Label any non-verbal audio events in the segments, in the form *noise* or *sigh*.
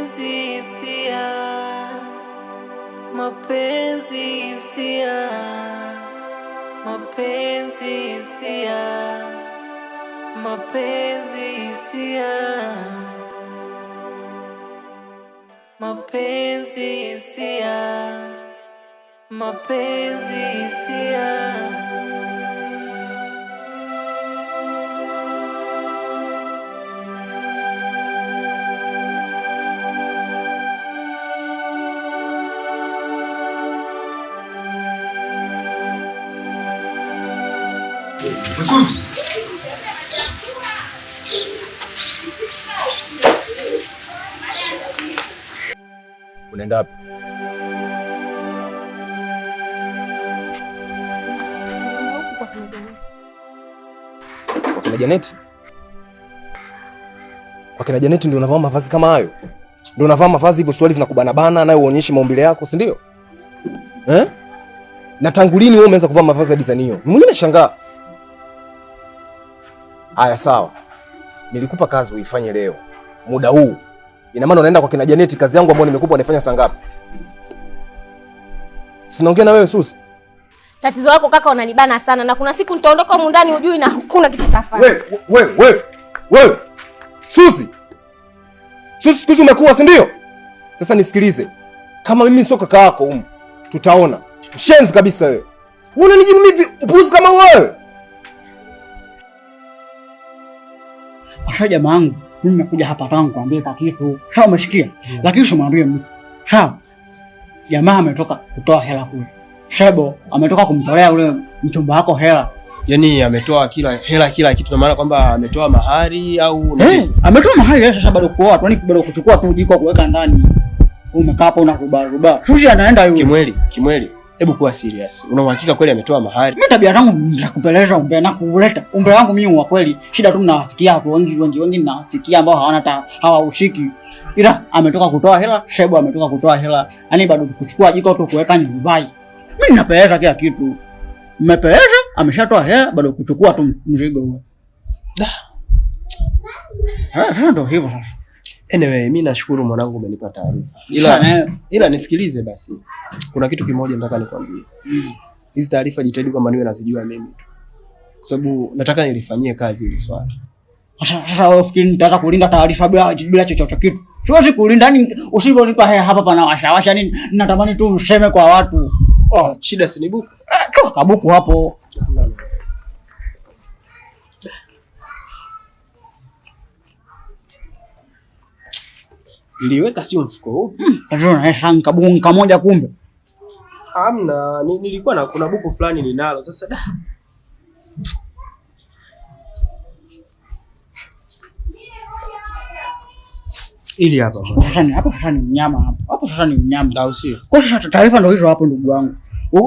mapenzi pensia, mapenzi pensia, mapenzi pensia, mapenzi pensia, mapenzi pensia, mapenzi pensia Msuzi. Unaenda wapi? Wakina Janeti? Wakina Janeti ndio unavaa mavazi kama hayo? Ndio unavaa mavazi hivyo, swali zinakubanabana nayo uonyeshi maumbile yako, si ndio? Eh? Na tangu lini wewe umeanza kuvaa mavazi ya design hiyo? Mwenyewe nashangaa. Haya, sawa, nilikupa kazi uifanye leo muda huu. Ina maana unaenda kwa kina Janeti, kazi yangu ambayo nimekupa unaifanya saa ngapi? Sinaongea na wewe Susi. Tatizo lako kaka, unanibana sana, na kuna siku nitaondoka humu ndani hujui, na hakuna kitu kitafanya. Wewe wewe wewe wewe Susi, Susi, siku hizi umekuwa, si ndio? Sasa nisikilize, kama mimi sio kaka yako humu, tutaona. Mshenzi kabisa wewe, unanijibu mimi upuzi kama wewe Asha jamaa yangu, mimi nakuja hapa tangu kuambia kwa kitu. Sawa, umesikia? Yeah. Lakini usimwambie mtu. Sawa. Jamaa ametoka kutoa hela kule. Shebo ametoka kumtolea ule mchumba wako hela. Yaani ametoa kila hela kila kitu, na maana kwamba ametoa mahari au hey, ametoa mahari ya sasa bado kuoa tu, yani bado kuchukua tu jiko kuweka ndani. Umekaa hapo unarubaruba. Shushi anaenda yule. Kimweli, kimweli. Hebu kuwa serious. Una uhakika kweli ametoa mahari? Mimi tabia zangu nitakupeleza umbe na kuleta. Umbe wangu mimi wa kweli. Shida tu ninawafikia hapo wengi wengi wengi ninawafikia ambao hawana hawaushiki. Ila ametoka kutoa hela, Shebu ametoka kutoa hela. Yaani bado kuchukua jiko tu kuweka ni mbaya. Mimi ninapeleza kila kitu. Mmepeleza, ameshatoa hela, bado kuchukua tu mzigo huo. Da. Ha, eh, ndio hivyo sasa. Anyway, mimi nashukuru mwanangu, umenipa taarifa, ila, eh. ila nisikilize basi, kuna kitu kimoja nataka nikwambie. Mm. Hizi taarifa jitahidi kwamba niwe nazijua mimi tu, kwa sababu nataka nilifanyie kazi hili swala. Sasa wewe fikiri nitaanza kulinda taarifa bila bila chochote kitu? Siwezi kulinda, ni yaani usivyonipa hapa pana washawasha nini. Yaani natamani tu mseme kwa watu. Oh, shida sinibuka eh, kabuku hapo. niliweka sio mfuko huu. Hmm. Naeshanka nikabunga moja kumbe. Hamna, nilikuwa na kuna buku fulani ninalo. Sasa da. Ili hapa. Sasa ni hapa, sasa ni mnyama hapa. Hapo sasa ni mnyama. da usio. Kwa hiyo taarifa ndio hizo hapo ndugu wangu.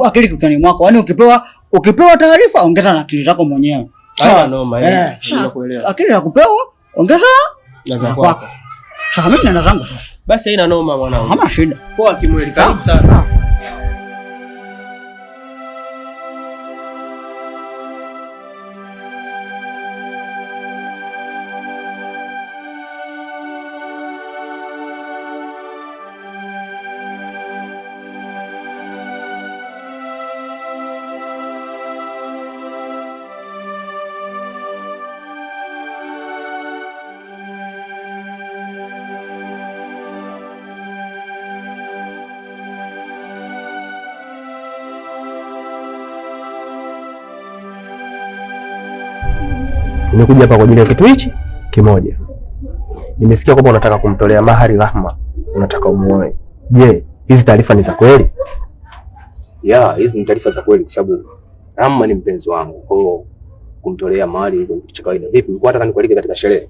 Akili kichwani mwako. Yaani ukipewa ukipewa taarifa ongeza na akili zako mwenyewe. Haya noma yaani eh. Nakuelewa. Akili ya kupewa ongeza na zako. Sasa mimi naenda zangu sasa. Basi haina noma mwanangu. Hamna shida. Poa kimweli, karibu sana. nimekuja hapa kwa ajili ya kitu hichi kimoja. Nimesikia kwamba unataka kumtolea mahari Rahma, unataka umuoe. Je, hizi taarifa ni za kweli? Ya, hizi ni taarifa za kweli, kwa sababu Rahma ni mpenzi wangu. Kwa hiyo kumtolea mahari ni kitu cha kawaida. Vipi, ulikuwa unataka nikualike katika sherehe?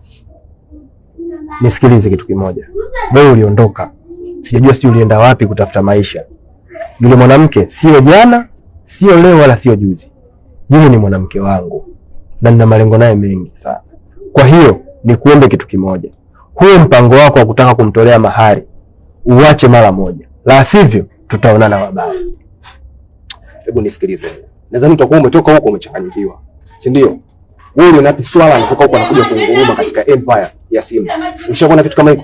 Nisikilize kitu kimoja, wewe uliondoka, sijajua sijui ulienda wapi kutafuta maisha. Yule mwanamke sio jana, sio leo, wala sio juzi. Yule ni mwanamke wangu na nina malengo naye mengi sana. Kwa hiyo ni kuombe kitu kimoja, huo mpango wako wa kutaka kumtolea mahari uache mara moja, la sivyo tutaonana wabaya. Hebu nisikilize, nadhani utakuwa umetoka huko umechanganyikiwa, si ndio? Wewe napi swala anatoka huko anakuja kunguruma katika empire ya Simba. na kitu kama hiko?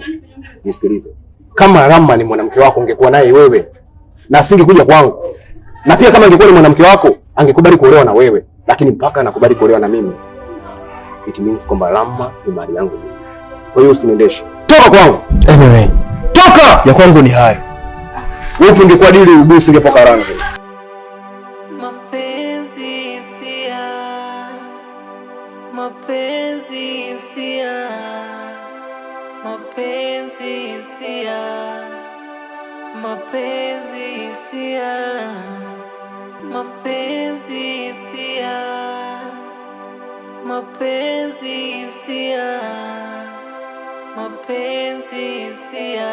Nisikilize, kama Rama ni mwanamke wako ungekuwa naye wewe na asingekuja kwangu, na pia kama angekuwa ni mwanamke wako angekubali kuolewa na wewe lakini mpaka anakubali kuolewa na mimi, it means kwamba Rama ni mali yangu mimi. Kwa hiyo usiniendeshe, toka kwangu. Anyway, toka ya kwangu ni hayo. Wewe ungekuwa dili ubusi ungepoka rangi. mapenzi sia, mapenzi sia, mapenzi mapenzi hisia, mapenzi hisia,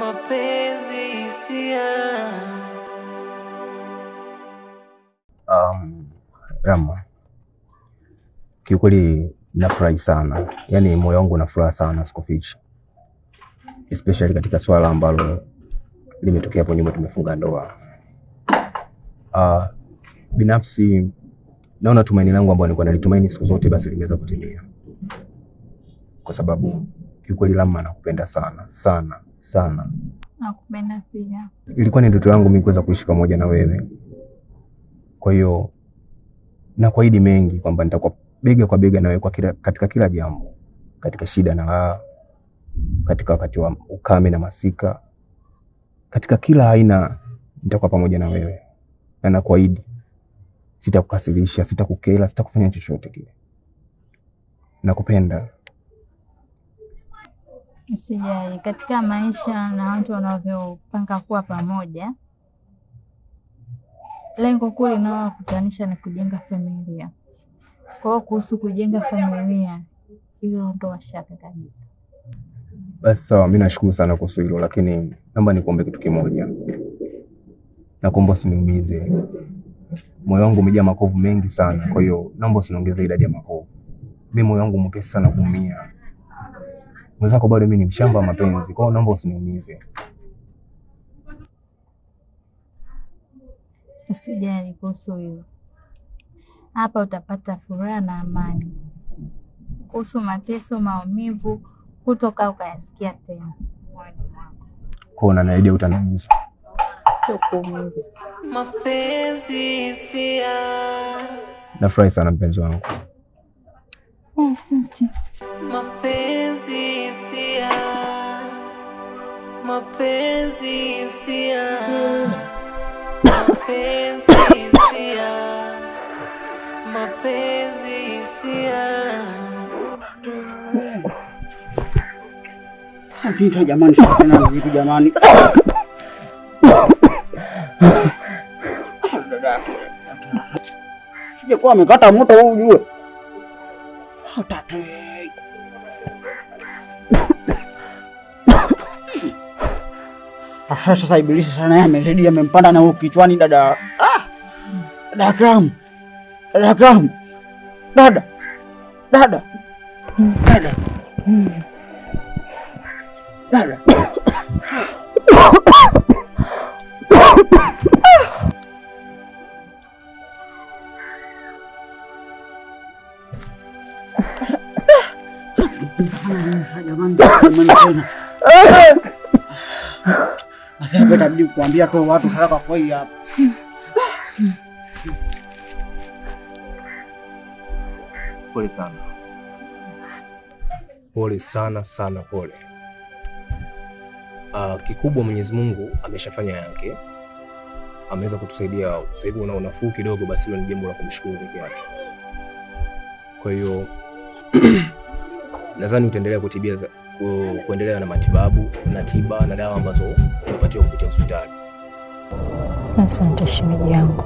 mapenzi hisia. Um, Rama, kiukweli nafurahi sana, yaani moyo wangu una sana, sikufichi, especially katika swala ambalo limetokea hapo nyuma, tumefunga ndoa. Uh, binafsi naona tumaini langu ambalo nilikuwa nalitumaini siku zote basi limeweza kutimia, kwa sababu kiukweli Lama nakupenda sana sana sana. Nakupenda pia. Ilikuwa ni ndoto yangu mimi kuweza kuishi pamoja na wewe, kwa hiyo nakuahidi mengi kwamba nitakuwa bega kwa bega nawe kwa kila, katika kila jambo, katika shida na raha, katika wakati wa ukame na masika, katika kila aina nitakuwa pamoja na wewe na nakuahidi Sitakukasirisha, sitakukela sitakufanya chochote kile. Nakupenda. Usijali, katika maisha na watu wanavyopanga kuwa pamoja, lengo kuu linalowakutanisha ni kujenga familia. Kwa hiyo kuhusu kujenga familia, hilo ndo washaka kabisa. Basi sawa, mi nashukuru sana kuhusu hilo, lakini naomba nikuombe kitu kimoja. Nakuomba usiniumize moyo wangu umejaa makovu mengi sana, kwa hiyo naomba usiniongeze idadi ya makovu. Mimi moyo wangu mwepesi sana kuumia, mwenzako bado mimi ni mshamba wa mapenzi, kwa hiyo naomba usiniumize. Usijali kuhusu hiyo, hapa utapata furaha na amani. Kuhusu mateso, maumivu, kutoka ukayasikia tena. Kwa hiyo unaniahidia utaniumiza? sio kuumiza. Mapenzi hisia. Nafurahi sana mpenzi wangu. Eh, asante. Mapenzi hisia. Mapenzi hisia. Mapenzi hisia. Mapenzi hisia. jamani, shukrani jamani. Sijekuwa amekata moto huu ujue. Sasa ibilisi sana yeye amezidi, amempanda na huko kichwani. Dada ah! dada Akram, dada Akram, dada dada dada dada Atabidi kuambia tu watu haraka kwa hii hapa. Pole sana, pole sana sana, pole. Uh, kikubwa Mwenyezi Mungu ameshafanya yake, ameweza kutusaidia sasa hivi una unafuu kidogo, basi ni jambo la kumshukuru peke yake. Kwa hiyo nadhani utaendelea kutibia ku, kuendelea na matibabu na tiba na dawa ambazo unapatiwa kupitia hospitali. Asante shemeji yangu,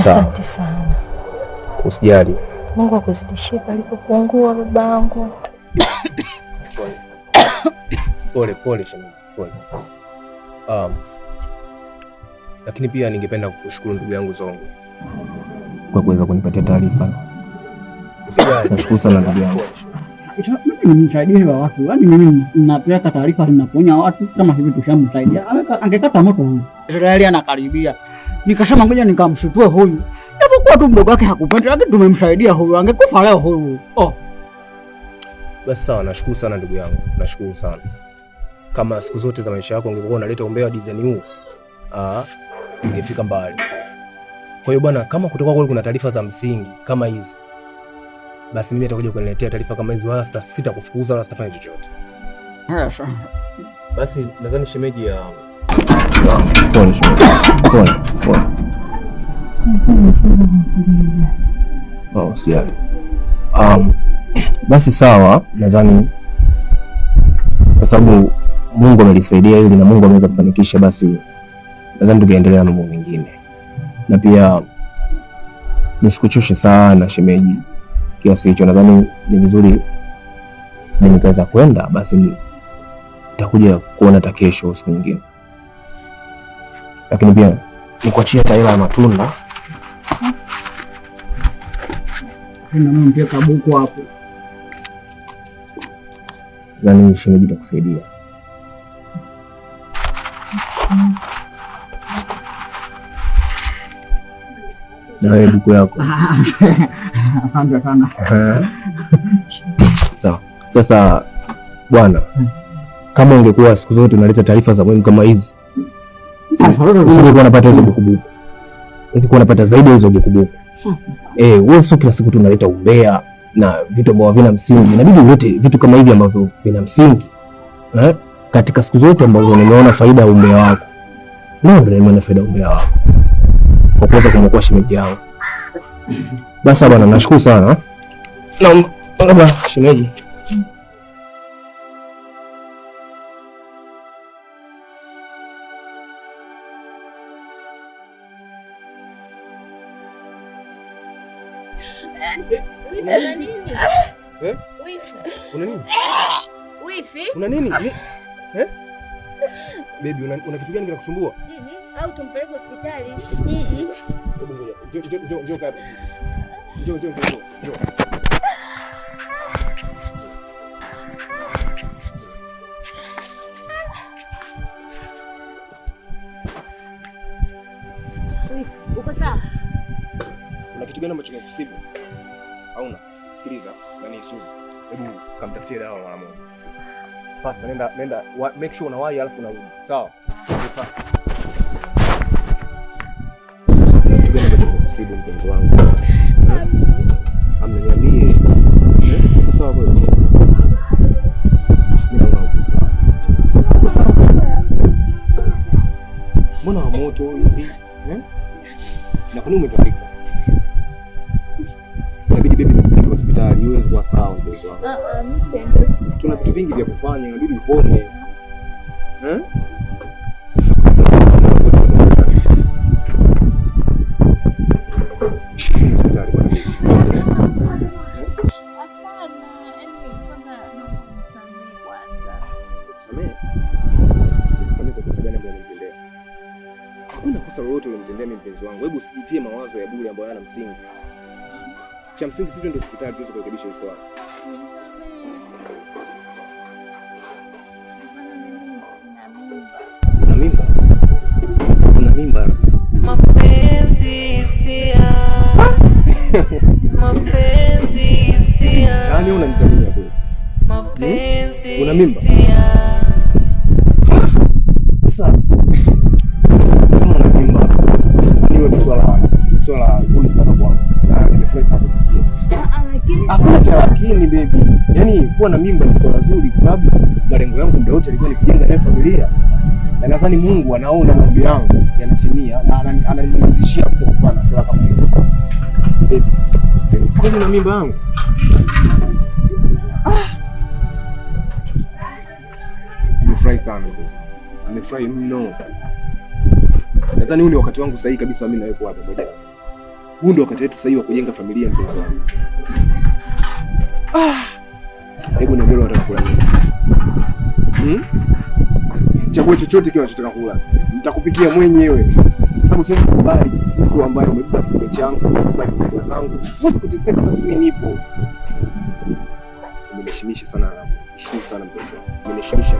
asante sana. Usijali, Mungu akuzidishie palipopungua yangu. Pole pole shemeji, pole. Um, lakini pia ningependa kukushukuru ndugu yangu Zongo kwa kuweza kunipatia taarifa Nashukuru sana ndugu yangu. Nimemsaidia watu, yaani mimi napeleka taarifa, ninaponya watu kama hivi, tushamsaidia angekata moto huyu. Israeli anakaribia, nikasema ngoja nikamshutue huyu, japokuwa tu mdogo wake hakupenda, lakini tumemsaidia huyu, angekufa leo huyu. Oh, basi sawa, nashukuru sana ndugu yangu, nashukuru sana. Kama siku zote za maisha yako ungekuwa unaleta umbea wa design huu, ah, ingefika mbali. Kwa hiyo bwana, kama kutoka kule kuna taarifa za msingi kama hizi basi mimi atakuja kuniletea taarifa kama hizo, wala sita sita kufukuza wala sitafanya chochote. Basi nadhani shemeji ya Oh, sijali. Um, basi sawa, nadhani kwa sababu Mungu amelisaidia hili na Mungu ameweza kufanikisha, basi nadhani tukaendelea na mambo mengine, na pia nisikuchoshe sana shemeji kiasi hicho, nadhani ni vizuri nikaweza kwenda, basi nitakuja kuona hata kesho siku nyingine, lakini pia nikuachia hata taila ya matunda kabuku hapo, nani shemeji takusaidia na wewe buku yako *laughs* *laughs* sawa. Sasa bwana, kama ungekuwa siku zote unaleta taarifa za muhimu kama hizi, usingekuwa unapata hizo bukubuku, ungekuwa unapata zaidi hizo bukubuku. Hmm. Eh, wewe sio kila siku tu unaleta umbea na vitu ambavyo havina msingi. Inabidi ulete vitu kama hivi ambavyo vina msingi eh? Katika siku zote ambazo nimeona faida ya umbea wako, ndio nimeona faida ya umbea wako kwa kuweza kumwokoa shemeji yangu. Basi bwana, nashukuru sana. Naomba shemeji una nini? Eh? Baby, una kitu gani kinakusumbua? Mhm au tumpeleke hospitali. Uko sawa? Kuna kitu gani ambacho kinakusibu? Hauna. Sikiliza, nani Suzi? Hebu kamtafutie dawa mara moja. nenda nenda, make sure unawahi alafu unarudi. Sawa? kumsibu mpenzi wangu. Ameniambia eh, sawa kweli. Mbona wa moto hivi? Eh? Na kwa umetapika? Inabidi bibi nikupeleke hospitali uwe kwa sawa mpenzi wangu. Ah, ah, Tuna vitu vingi vya kufanya, inabidi upone. Eh? Yaani, samehe samehe Hakuna kosa lolote ulimtendea mimi, mpenzi wangu. Hebu usijitie mawazo ya bure ambayo msingi. Cha msingi sisi ndio hospitali tuweze kurekebisha Una mimba? Una mimba? Mapenzi si ya *laughs* mapenzi wewe yaani unanitania kweli? Mapenzi. Una mimba? Sasa kama una mimba, hiyo ni swala swala zuri sana bwana. Na nimefurahi sana kusikia. Hakuna cha lakini baby. Yaani kuwa na mimba ni swala zuri kwa sababu malengo yangu ndio yote yalikuwa ni kujenga naye familia na nadhani Mungu anaona maombi yangu yanatimia na ananiridhishia kusema na sala kama hiyo. Kwani na mimba yangu ah. nimefurahi sana, nimefurahi mno. Nadhani huu ni wakati wangu sahihi kabisa, mimi nawe kuwa pamoja. Huu ndio wakati wetu sahihi wa kujenga familia, mpenzi wangu. Ah. Hebu niambie unataka kula nini? Hmm? Chague chochote kile unachotaka kula, nitakupikia mwenyewe, kwa sababu siwezi kubali mtu ambaye umebeba kidogo changu a zangu. Huwezi kuteseka wakati mimi nipo. Umenishimisha sana, alamu, heshimu sana mpenzi wangu, umenishimisha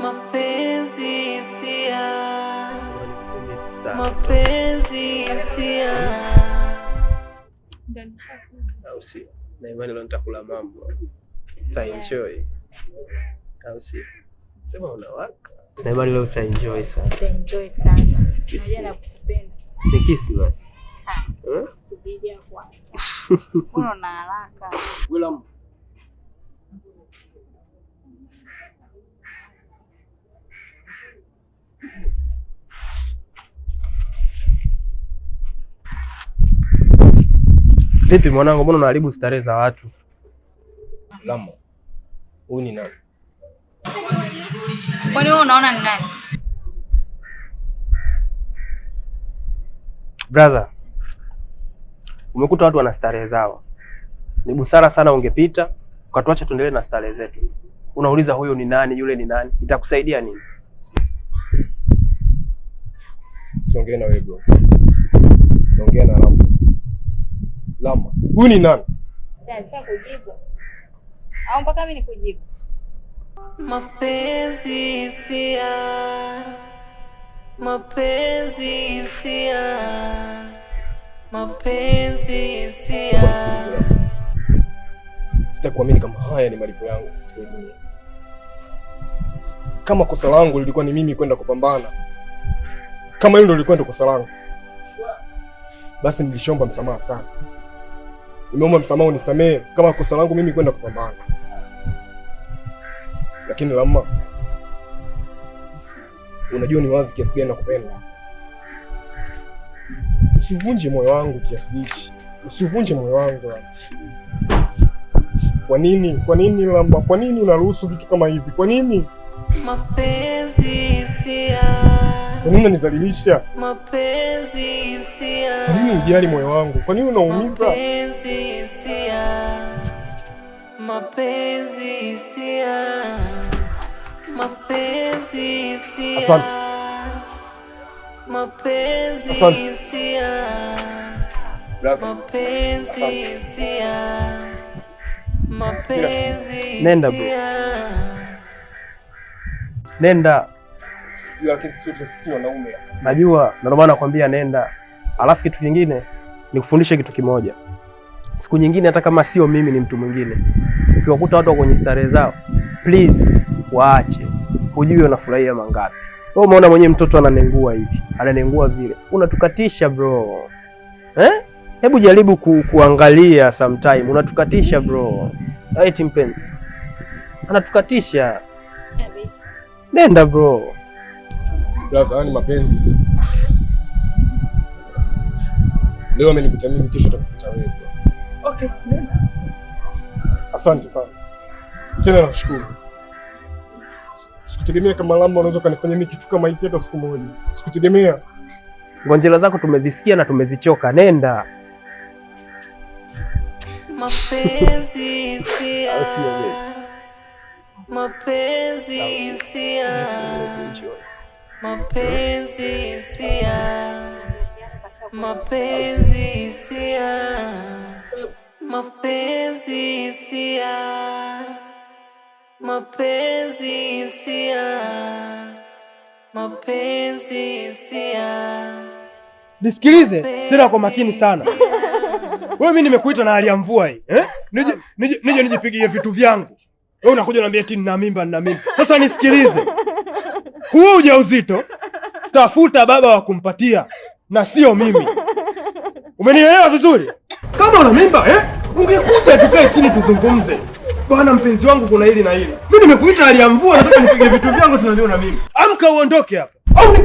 mapenzi sia, mapenzi sia na imani leo nitakula mambo taenjoy, au sio? Sema unawaka na imani leo enjoy sana, ta enjoy sana. Ni kisi basi *laughs* Vipi mwanangu, mbona unaharibu starehe za watu? Lamo. Huyu ni nani? Kwani wewe unaona ni nani? Brother, umekuta watu wana starehe zao. Ni busara sana ungepita ukatuacha tuendelee na starehe zetu. Unauliza huyo ni nani, yule ni nani? Itakusaidia nini? Siongee na wewe bro. Ongea na Lamo. Lama, huyu ni nani? Au mpaka mimi nikujibu? Mapenzi hisia, mapenzi hisia, mapenzi hisia. Sitakuamini kama haya ni malipo yangu katika dunia. Kama kosa langu lilikuwa ni mimi kwenda kupambana, kama hilo ndio lilikuwa kosa langu, basi nilishomba msamaha sana nimeomba msamaha, unisamehe kama kosa langu mimi kwenda kupambana, lakini lama unajua ni wazi kiasi gani nakupenda. Usivunje moyo wangu kiasi hichi, usivunje moyo wangu. Kwa nini? Kwa nini Lamma? Kwa nini unaruhusu vitu kama hivi? Kwa nini? Mapenzi si ya. Kwa nini unanizalilisha? Mapenzi si kwa nini ujali moyo wangu? Kwa nini unaumiza? Asante. Asante. Nenda bro. Nenda. Najua, ndio maana nakwambia nenda. Alafu kitu kingine nikufundishe kitu kimoja, siku nyingine, hata kama sio mimi, ni mtu mwingine, ukiwakuta watu kwenye starehe zao, please waache. Hujui wanafurahia mangapi. Wewe umeona mwenyewe mtoto ananengua hivi, ananengua vile, unatukatisha bro eh? Hebu jaribu ku, kuangalia sometime, unatukatisha bro. Eti mpenzi anatukatisha, nenda bro. Sasa ni mapenzi tu. Leo amenikuta mimi, kesho atakukuta wewe. Okay, nenda. Asante sana. Tena nashukuru. Sikutegemea kama Lamba unaweza kanifanya mimi kitu kama hiki hata siku moja. Sikutegemea. Ngonjera zako tumezisikia na tumezichoka. Nenda. Mapenzi *laughs* sia. Mapenzi sia. Mapenzi sia mapenzi hisia, mapenzi hisia, mapenzi hisia, mapenzi hisia. Nisikilize tena kwa makini sana. Wewe mimi nimekuita na hali ya mvua hii. Eh? Nije nije nije nijipigie vitu vyangu. Wewe unakuja unaniambia eti nina mimba nina mimba. Sasa nisikilize. Huu ujauzito tafuta baba wa kumpatia na sio mimi. Umenielewa vizuri? Kama una mimba eh, ungekuja tukae chini tuzungumze. Bwana mpenzi wangu, kuna hili na hili. Mimi nimekuita hali ya mvua, nataka nipige vitu vyangu tunaviona mimi. Amka uondoke hapa. Au ni...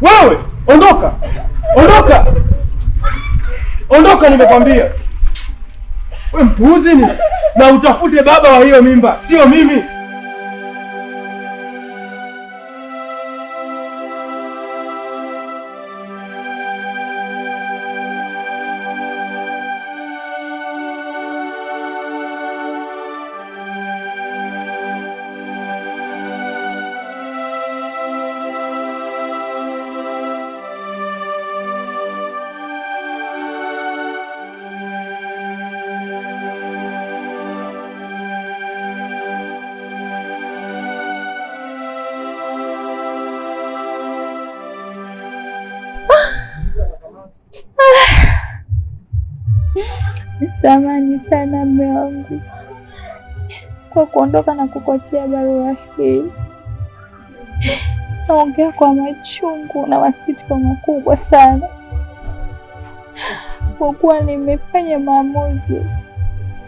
Wewe ondoka. Ondoka. Ondoka nimekwambia. Wewe mpuuzi ni na utafute baba wa hiyo mimba, sio mimi. samani sana mme wangu kwa kuondoka na kukuachia barua hii. Naongea kwa machungu na masikitiko makubwa sana, kwa kuwa nimefanya maamuzi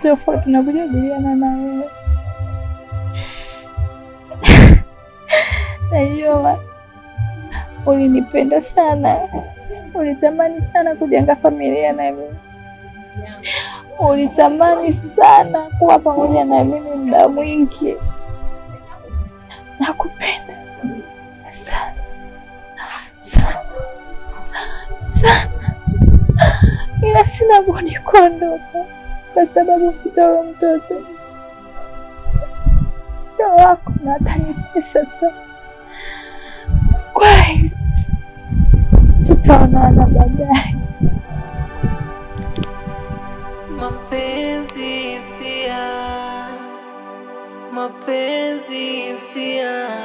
tofauti na kujadiliana na wewe. *laughs* Najua ulinipenda sana, ulitamani sana kujenga familia na mimi ulitamani sana kuwa pamoja na mimi muda mwingi. Nakupenda sana sana sana, ila sina budi kuondoka kwa sababu mtoto mtoto sio wako na atanitesa sana. Kwa hiyo tutaonana baadaye. Mapenzi hisia, mapenzi hisia,